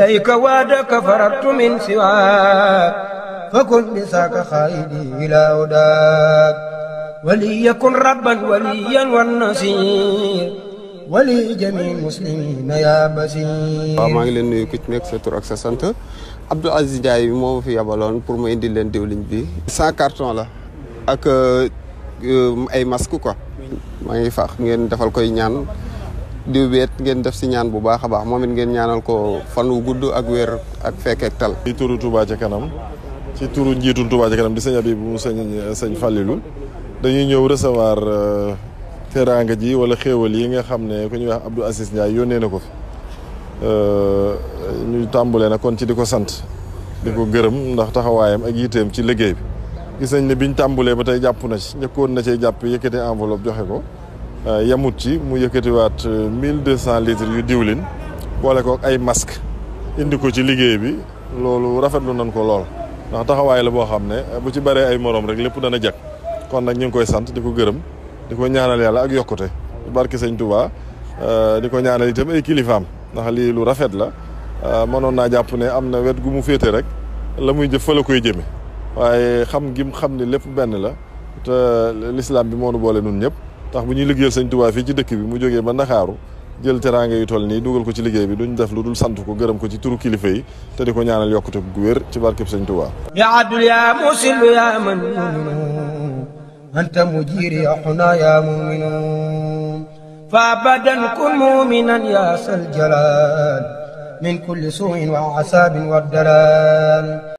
ديك وعدك فررت من سواك فكن بساك خائدي إلى هداك وليكن ربا وليا والنصير ولي جميع المسلمين يا بصير waaw maa ngi leen nuyu ku ci nekk sa tur sa sant Abdou Aziz Ndiaye bi moo fi yabaloon pour mu indi leen diwlin bi cent carton la ak euh, ay masque quoi maa ngi faax ngeen defal koy ñaan di bi it ngeen def si ñaan bu baax a baax moom it ngeen ñaanal ko fan wu gudd ak weer ak fekkeek tal. ci turu Touba ca kanam ci turu njiitul Touba ca kanam di sëñ Abibu mu sëñ sëñ Fallilou dañuy ñëw recevoir euh, teraanga ji wala xéewal yi nga xam ne ku ñu wax Abdou Aziz Ndiaye yónnee na ko fi euh, ñu tàmbulee na kon ci di ko sant di ko gërëm ndax taxawaayam ak yiteem ci liggéey bi gis nañ ne biñ tàmbulee ba tey jàpp na ci njëkkoon na cee jàpp yëkkati enveloppe joxe ko. Euh, yamut ci mu yëkkatiwaat euh, mille deux cent litres yu diwlin boole ko ay masque indi ko ci liggéey bi loolu rafetlu nañ ko lool ndax taxawaay la boo xam ne bu ci baree ay moroom rek lépp dana jag kon nag ñu ngi koy sant di ko gërëm di ko ñaanal yàlla ak yokkute barki sëñ Touba euh, di ko ñaanal itam ay kilifaam ndax lii lu rafet la mënoon naa jàpp ne am na wet gu mu féete rek la muy jëf fa la koy jëme waaye xam gi xam ni lépp benn la te lislaam bi moo nu boole nun ñëpp tax bu ñu liggéeyal sëñ Tuubaa fii ci dëkk bi mu jógee ba Ndakaaru jël teraanga yu toll nii dugal ko ci liggéey bi duñ def lu dul sant ko gërëm ko ci turu kilifa yi ko ñaanal yokkute gu wér ci barkeb sëñ Tuubaa ya adul ya musil ya man anta mujir ya xuna ya muminun fa abadan kun muminan ya sal min kulli suin wa asabin wa dalal